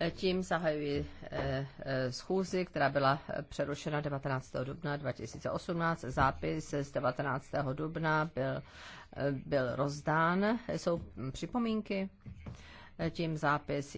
Eh, tím zahajuji eh, eh, schůzi, která byla přerušena 19. dubna 2018. Zápis z 19. dubna byl, byl rozdán. Jsou hm, připomínky? Tím zápis